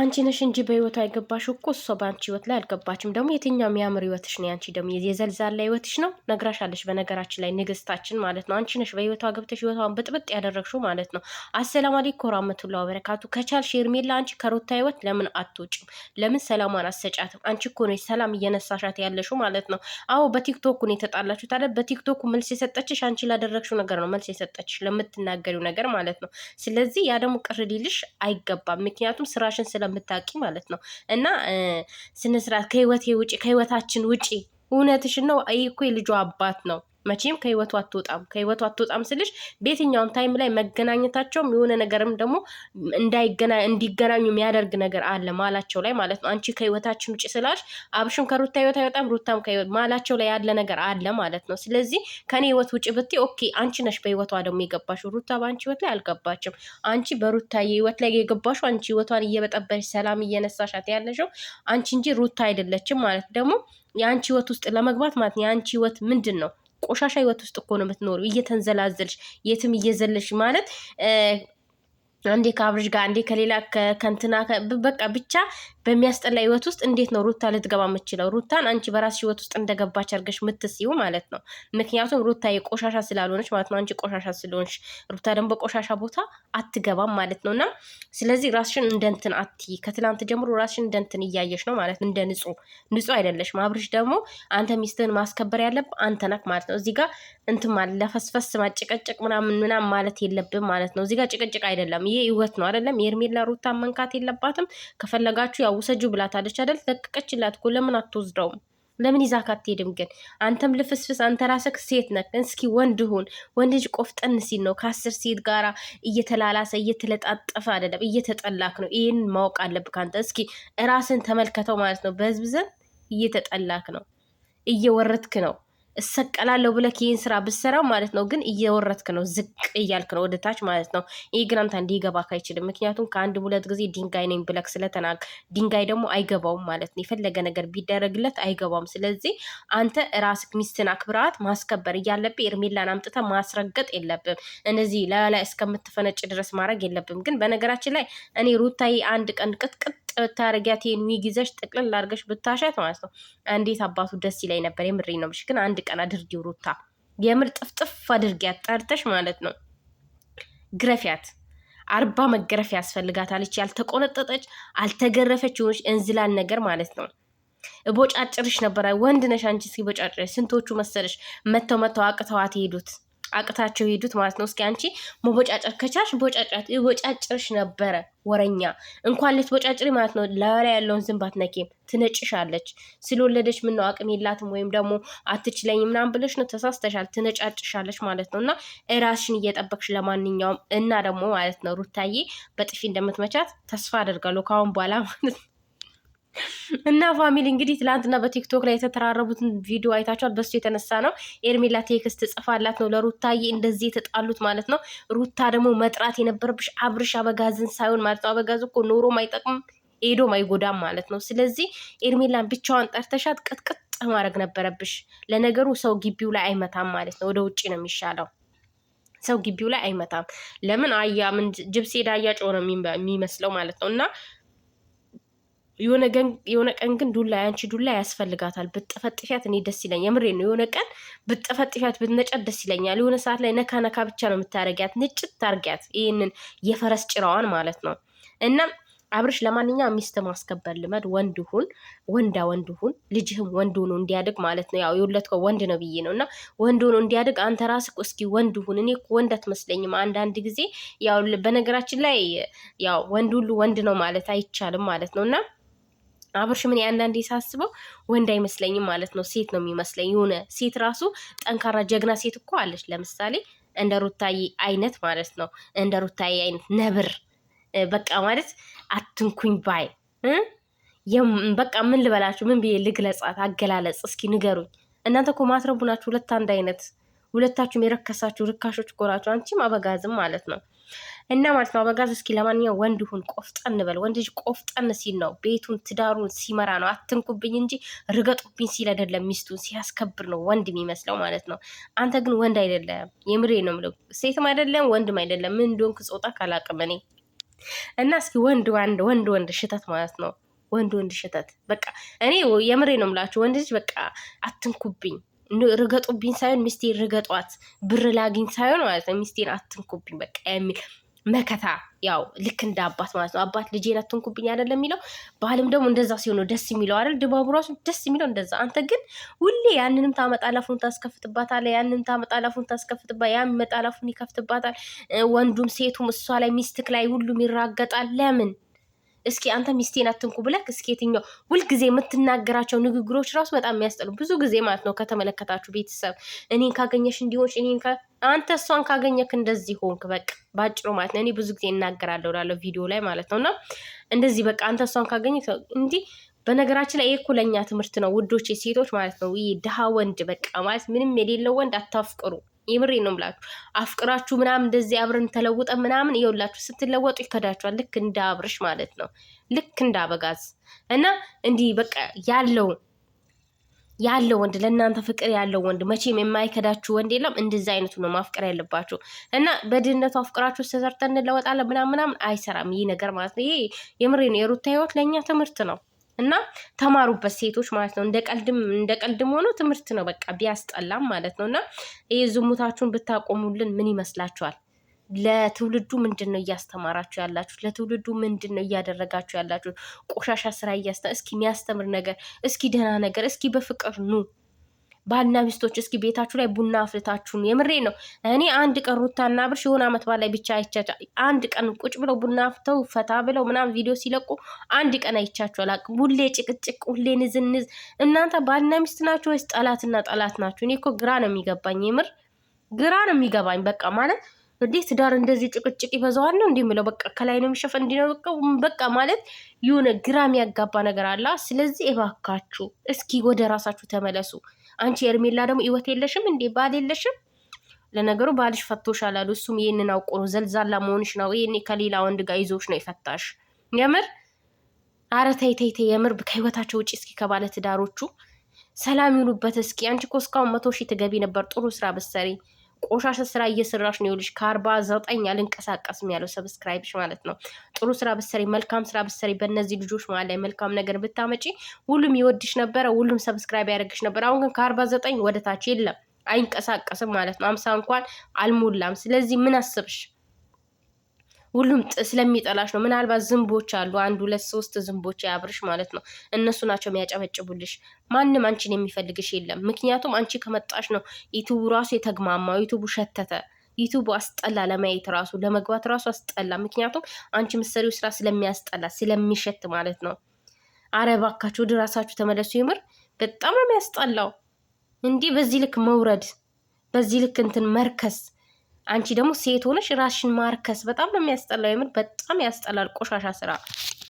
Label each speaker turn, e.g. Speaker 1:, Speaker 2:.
Speaker 1: አንቺ ነሽ እንጂ በህይወቷ አይገባሽ እኮ እሷ በአንቺ ህይወት ላይ አልገባችም። ደግሞ የትኛው የሚያምር ህይወትሽ ነው? ያንቺ ደግሞ የዘልዛላ ህይወትሽ ነው። ነግራሻለች። በነገራችን ላይ ንግስታችን ማለት ነው። አንቺ ነሽ በህይወቷ ገብተሽ ህይወቷን ብጥብጥ ያደረግሽው ማለት ነው። አሰላም አለይኩም ወራህመቱላሂ ወበረካቱ። ከቻልሽ ሄርሜላ አንቺ ከሩታ ህይወት ለምን አትውጭም? ለምን ሰላሟን አሰጫትም? አንቺ እኮ ነሽ ሰላም እየነሳሻት ያለሽው ማለት ነው። አዎ በቲክቶክ ነው የተጣላችሁት ታዲያ በቲክቶክ መልስ የሰጠችሽ አንቺ ላደረግሽው ነገር ነው መልስ የሰጠችሽ ለምትናገሪው ነገር ማለት ነው። ስለዚህ ያ ደግሞ ቅር ሊልሽ አይገባም። ምክንያቱም ስራሽን ስለ ከምታውቂ ማለት ነው። እና ስነስርዓት ከህይወቴ ውጪ ከህይወታችን ውጪ እውነትሽ ነው። ይህ እኮ አባት ነው። መቼም ከህይወቱ አትወጣም። ከህይወቱ አትወጣም ስልሽ በየትኛውም ታይም ላይ መገናኘታቸውም የሆነ ነገርም ደግሞ እንዲገናኙ የሚያደርግ ነገር አለ ማላቸው ላይ ማለት ነው። አንቺ ከህይወታችን ውጭ ስላልሽ አብርሽም ከሩታ ህይወት አይወጣም፣ ሩታም ማላቸው ላይ ያለ ነገር አለ ማለት ነው። ስለዚህ ከኔ ህይወት ውጭ ብትይ ኦኬ፣ አንቺ ነሽ በህይወቷ ደግሞ የገባሽው። ሩታ በአንቺ ህይወት ላይ አልገባችም። አንቺ በሩታ ህይወት ላይ የገባሽው አንቺ ህይወቷን እየበጠበሽ ሰላም እየነሳሻት ያለሽው አንቺ እንጂ ሩታ አይደለችም ማለት ደግሞ የአንቺ ህይወት ውስጥ ለመግባት ማለት የአንቺ ህይወት ምንድን ነው ቆሻሻ ህይወት ውስጥ እኮ ነው የምትኖሩ፣ እየተንዘላዘልሽ የትም እየዘለሽ ማለት አንዴ ከአብርሽ ጋር አንዴ ከሌላ ከንትና በቃ ብቻ በሚያስጠላ ህይወት ውስጥ እንዴት ነው ሩታ ልትገባ የምችለው? ሩታን አንቺ በራስሽ ህይወት ውስጥ እንደገባች አድርገሽ ምትስዩ ማለት ነው። ምክንያቱም ሩታ የቆሻሻ ስላልሆነች ማለት ነው። አንቺ ቆሻሻ ስለሆንሽ ሩታ ደግሞ በቆሻሻ ቦታ አትገባም ማለት ነው። እና ስለዚህ ራስሽን እንደንትን አትይ። ከትላንት ጀምሮ ራስሽን እንደንትን እያየሽ ነው ማለት እንደ ንጹህ ንጹህ አይደለሽ። ማብርሽ ደግሞ አንተ ሚስትህን ማስከበር ያለብህ አንተ ነህ ማለት ነው። እዚህ ጋር እንትን ማለት ለፈስፈስ ማጨቀጨቅ ምናምን ምናም ማለት የለብም ማለት ነው። እዚህ ጋር ጭቅጭቅ አይደለም፣ ይሄ ህይወት ነው አይደለም። የእርሜላ ሩታ መንካት የለባትም ከፈለጋችሁ ውሰጁ ብላታለች አይደል? ለቀቀችላት እኮ ለምን አትወስደውም? ለምን ይዛ ካትሄድም? ግን አንተም ልፍስፍስ፣ አንተ ራስህ ሴት ነህ። እስኪ ወንድ ሁን። ወንድ ልጅ ቆፍጠን ሲል ነው ከአስር ሴት ጋራ እየተላላሰ እየተለጣጠፈ አይደለም፣ እየተጠላክ ነው። ይህን ማወቅ አለብህ አንተ። እስኪ ራስን ተመልከተው ማለት ነው። በህዝብ ዘንድ እየተጠላክ ነው፣ እየወረድክ ነው። እሰቀላለሁ ብለህ ይህን ስራ ብትሰራው ማለት ነው። ግን እየወረትክ ነው፣ ዝቅ እያልክ ነው ወደታች ማለት ነው። ይህ ግን አንተ እንዲገባክ አይችልም። ምክንያቱም ከአንድ ሁለት ጊዜ ድንጋይ ነኝ ብለክ ስለተናገርክ ድንጋይ ደግሞ አይገባውም ማለት ነው። የፈለገ ነገር ቢደረግለት አይገባውም። ስለዚህ አንተ ራስህ ሚስትን አክብራት ማስከበር እያለብህ ኤርሜላን አምጥተ ማስረገጥ የለብም። እነዚህ ላላ እስከምትፈነጭ ድረስ ማድረግ የለብም። ግን በነገራችን ላይ እኔ ሩታዬ አንድ ቀን ቅጥቅጥ ብታረጊያት ይሄን ዊግ ይዘሽ ጥቅልል አድርገሽ ብታሸት ማለት ነው እንዴት አባቱ ደስ ይላይ ነበር። የምሬ ነው ምሽ ግን አንድ ቀን አድርጊው ሩታ፣ የምር ጥፍጥፍ አድርጊያት ጠርተሽ ማለት ነው ግረፊያት። አርባ መገረፍ ያስፈልጋታለች። ያልተቆነጠጠች አልተገረፈች ሆኖች እንዝላል ነገር ማለት ነው። እቦጫጭርሽ ነበረ። ወንድ ነሽ አንቺ። እስኪ ቦጫጭርሽ ስንቶቹ መሰለሽ መተው መተው አቅተዋት ሄዱት። አቅታቸው የሄዱት ማለት ነው። እስኪ አንቺ መቦጫጨር ከቻልሽ ቦጫጭርሽ ነበረ ወረኛ እንኳን ልትቦጫጭሪ ማለት ነው። ላይ ያለውን ዝንባት ነኪም ትነጭሻለች። ስለወለደች ምነው አቅም የላትም ወይም ደግሞ አትችለኝ ምናምን ብለሽ ነው ተሳስተሻል። ትነጫጭሻለች ማለት ነው። እና እራስሽን እየጠበቅሽ ለማንኛውም እና ደግሞ ማለት ነው ሩታዬ በጥፊ እንደምትመቻት ተስፋ አደርጋለሁ ከአሁን በኋላ ማለት ነው። እና ፋሚሊ እንግዲህ ትላንትና በቲክቶክ ላይ የተተራረቡትን ቪዲዮ አይታችኋል። በሱ የተነሳ ነው ኤርሜላ ቴክስት ጽፋላት ነው ለሩታዬ እንደዚህ የተጣሉት ማለት ነው። ሩታ ደግሞ መጥራት የነበረብሽ አብርሽ አበጋዝን ሳይሆን ማለት ነው። አበጋዝ እኮ ኖሮም አይጠቅምም ኤዶም አይጎዳም ማለት ነው። ስለዚህ ኤርሜላን ብቻዋን ጠርተሻት ቅጥቅጥ ማድረግ ነበረብሽ። ለነገሩ ሰው ግቢው ላይ አይመታም ማለት ነው። ወደ ውጭ ነው የሚሻለው። ሰው ግቢው ላይ አይመታም። ለምን አያ ምን ጅብሴ ነው የሚመስለው ማለት ነው እና የሆነ ቀን ግን ዱላ ያንቺ ዱላ ያስፈልጋታል። ብትጠፈጥፊያት እኔ ደስ ይለኛል። የምሬ ነው። የሆነ ቀን ብትጠፈጥፊያት ብትነጫት ደስ ይለኛል። የሆነ ሰዓት ላይ ነካ ነካ ብቻ ነው የምታደርጊያት። ንጭት ታርጊያት። ይህንን የፈረስ ጭራዋን ማለት ነው። እናም አብርሽ ለማንኛውም ሚስት ማስከበር ልመድ። ወንድ ሁን፣ ወንዳ ወንድ ሁን። ልጅህም ወንድ ሆኖ እንዲያድግ ማለት ነው። ያው የወለድከው ወንድ ነው ብዬ ነው እና ወንድ ሆኖ እንዲያድግ አንተ ራስህ እስኪ ወንድ ሁን። እኔ ወንድ አትመስለኝም አንዳንድ ጊዜ። ያው በነገራችን ላይ ያው ወንድ ሁሉ ወንድ ነው ማለት አይቻልም ማለት ነው እና አብርሽ ምን አንዳንዴ ሳስበው ወንድ አይመስለኝም ማለት ነው፣ ሴት ነው የሚመስለኝ። የሆነ ሴት ራሱ ጠንካራ ጀግና ሴት እኮ አለች። ለምሳሌ እንደ ሩታዬ አይነት ማለት ነው፣ እንደ ሩታዬ አይነት ነብር በቃ ማለት አትንኩኝ ባይ በቃ ምን ልበላችሁ፣ ምን ብዬ ልግለጻት? አገላለጽ እስኪ ንገሩኝ እናንተ። እኮ ማትረቡ ናችሁ፣ ሁለት አንድ አይነት ሁለታችሁም የረከሳችሁ ርካሾች እኮ ናችሁ። አንቺም አበጋዝም ማለት ነው እና ማለት ነው አበጋዝ። እስኪ ለማንኛው ወንድ ሁን፣ ቆፍጠን በል። ወንድ ልጅ ቆፍጠን ሲል ነው ቤቱን ትዳሩን ሲመራ ነው። አትንኩብኝ እንጂ ርገጡብኝ ሲል አይደለም፣ ሚስቱን ሲያስከብር ነው ወንድ የሚመስለው ማለት ነው። አንተ ግን ወንድ አይደለም፣ የምሬ ነው የምለው። ሴትም አይደለም ወንድም አይደለም። ምን እንደሆንክ ጾታ ካላቅም እኔ እና እስኪ ወንድ ወንድ ወንድ ወንድ ሽተት ማለት ነው ወንድ ወንድ ሽተት በቃ እኔ የምሬ ነው የምላችሁ። ወንድ ልጅ በቃ አትንኩብኝ ርገጡብኝ ሳይሆን ሚስቴር ርገጧት ብር ላግኝ ሳይሆን ማለት ነው ሚስቴር አትንኩብኝ በቃ የሚል መከታ ያው ልክ እንደ አባት ማለት ነው። አባት ልጄን አትንኩብኝ አይደለም የሚለው ባህልም ደግሞ እንደዛ ሲሆን ደስ የሚለው አይደል? ድባቡ ራሱ ደስ የሚለው እንደዛ። አንተ ግን ሁሌ ያንንም ታመጣላፉን አፉን ታስከፍትባታለህ፣ ያንንም ታመጣላፉን ታስከፍትባ፣ ታስከፍትባታለህ፣ ያ የሚመጣለህ ይከፍትባታል። ወንዱም ሴቱም እሷ ላይ ሚስትክ ላይ ሁሉም ይራገጣል። ለምን እስኪ አንተ ሚስቴን አትንኩ ብለክ እስኪ የትኛው ሁልጊዜ የምትናገራቸው ንግግሮች ራሱ በጣም የሚያስጠሉ ብዙ ጊዜ ማለት ነው። ከተመለከታችሁ ቤተሰብ እኔን ካገኘሽ እንዲሆንሽ እኔን አንተ እሷን ካገኘክ እንደዚህ ሆንክ፣ በቃ ባጭሩ ማለት ነው። እኔ ብዙ ጊዜ እናገራለሁ ላለው ቪዲዮ ላይ ማለት ነው። እና እንደዚህ በቃ አንተ እሷን ካገኘ እንዲህ በነገራችን ላይ ይህ ለእኛ ትምህርት ነው ውዶች ሴቶች ማለት ነው። ይህ ድሃ ወንድ በቃ ማለት ምንም የሌለው ወንድ አታፍቅሩ። የምሬ ነው ምላችሁ አፍቅራችሁ ምናምን እንደዚህ አብረን ተለውጠ ምናምን ይኸውላችሁ ስትለወጡ ይከዳችኋል። ልክ እንደ አብርሽ ማለት ነው፣ ልክ እንደ አበጋዝ እና እንዲህ በቃ ያለው ያለው ወንድ ለእናንተ ፍቅር ያለው ወንድ መቼም የማይከዳችሁ ወንድ የለም። እንደዚህ አይነቱ ነው ማፍቀር ያለባችሁ እና በድህነቱ አፍቅራችሁ ተሰርተን እንለወጣለን ምናምን ምናምን አይሰራም ይህ ነገር ማለት ነው። ይሄ የምሬ ነው። የሩታ ህይወት ለእኛ ትምህርት ነው። እና ተማሩበት ሴቶች ማለት ነው። እንደ ቀልድም እንደ ቀልድም ሆኖ ትምህርት ነው በቃ ቢያስጠላም ማለት ነው። እና ይህ ዝሙታችሁን ብታቆሙልን ምን ይመስላችኋል? ለትውልዱ ምንድን ነው እያስተማራችሁ ያላችሁ? ለትውልዱ ምንድን ነው እያደረጋችሁ ያላችሁ? ቆሻሻ ስራ እያስተ እስኪ የሚያስተምር ነገር እስኪ ደህና ነገር እስኪ በፍቅር ኑ። ባልና ሚስቶች እስኪ ቤታችሁ ላይ ቡና አፍልታችሁን፣ የምሬ ነው። እኔ አንድ ቀን ሩታና አብርሽ የሆነ አመት በላይ ብቻ አይቻቸ አንድ ቀን ቁጭ ብለው ቡና አፍተው ፈታ ብለው ምናምን ቪዲዮ ሲለቁ አንድ ቀን አይቻቸው አላቅም። ሁሌ ጭቅጭቅ፣ ሁሌ ንዝንዝ። እናንተ ባልና ሚስት ናችሁ ወይስ ጠላትና ጠላት ናችሁ? እኔ እኮ ግራ ነው የሚገባኝ፣ የምር ግራ ነው የሚገባኝ። በቃ ማለት እንዴት ትዳር እንደዚህ ጭቅጭቅ ይበዛዋል ነው እንዲህ የምለው። በቃ ከላይ ነው የሚሸፈን እንዲህ ነው በቃ ማለት የሆነ ግራ የሚያጋባ ነገር አለ። ስለዚህ እባካችሁ እስኪ ወደ ራሳችሁ ተመለሱ። አንቺ ሄርሜላ ደግሞ ህይወት የለሽም እንዴ? ባል የለሽም? ለነገሩ ባልሽ ፈቶሻል አሉ። እሱም ይህንን አውቆ ነው ዘልዛላ መሆንሽ ነው። ይህኔ ከሌላ ወንድ ጋር ይዞሽ ነው የፈታሽ። የምር አረ ተይ ተይ ተይ፣ የምር ከህይወታቸው ውጭ እስኪ ከባለ ትዳሮቹ ሰላም ይሉበት እስኪ። አንቺ እኮ እስካሁን መቶ ሺህ ትገቢ ነበር ጥሩ ስራ ብትሰሪ ቆሻሻ ስራ እየሰራሽ ነው ይኸውልሽ፣ ከአርባ ዘጠኝ አልንቀሳቀስም ያለው ሰብስክራይብሽ ማለት ነው። ጥሩ ስራ ብትሰሪ፣ መልካም ስራ ብትሰሪ፣ በእነዚህ ልጆች ማለት ላይ መልካም ነገር ብታመጪ ሁሉም ይወድሽ ነበረ፣ ሁሉም ሰብስክራይብ ያደርግሽ ነበር አሁን ግን ከአርባ ዘጠኝ ወደታች የለም፣ አይንቀሳቀስም ማለት ነው። አምሳ እንኳን አልሞላም። ስለዚህ ምን አስብሽ ሁሉም ስለሚጠላሽ ነው። ምናልባት ዝንቦች አሉ፣ አንድ ሁለት ሶስት ዝንቦች ያብርሽ ማለት ነው። እነሱ ናቸው የሚያጨበጭቡልሽ። ማንም አንቺን የሚፈልግሽ የለም። ምክንያቱም አንቺ ከመጣሽ ነው ዩቱቡ ራሱ የተግማማው። ዩቱቡ ሸተተ። ዩቱቡ አስጠላ፣ ለማየት ራሱ ለመግባት ራሱ አስጠላ። ምክንያቱም አንቺ ምሰሪው ስራ ስለሚያስጠላ ስለሚሸት ማለት ነው። አረ ባካችሁ ወደ ራሳችሁ ተመለሱ። ይምር በጣም ነው የሚያስጠላው። እንዲህ በዚህ ልክ መውረድ፣ በዚህ ልክ እንትን መርከስ አንቺ ደግሞ ሴት ሆነሽ ራስሽን ማርከስ በጣም ነው የሚያስጠላው። የምር በጣም ያስጠላል ቆሻሻ ስራ።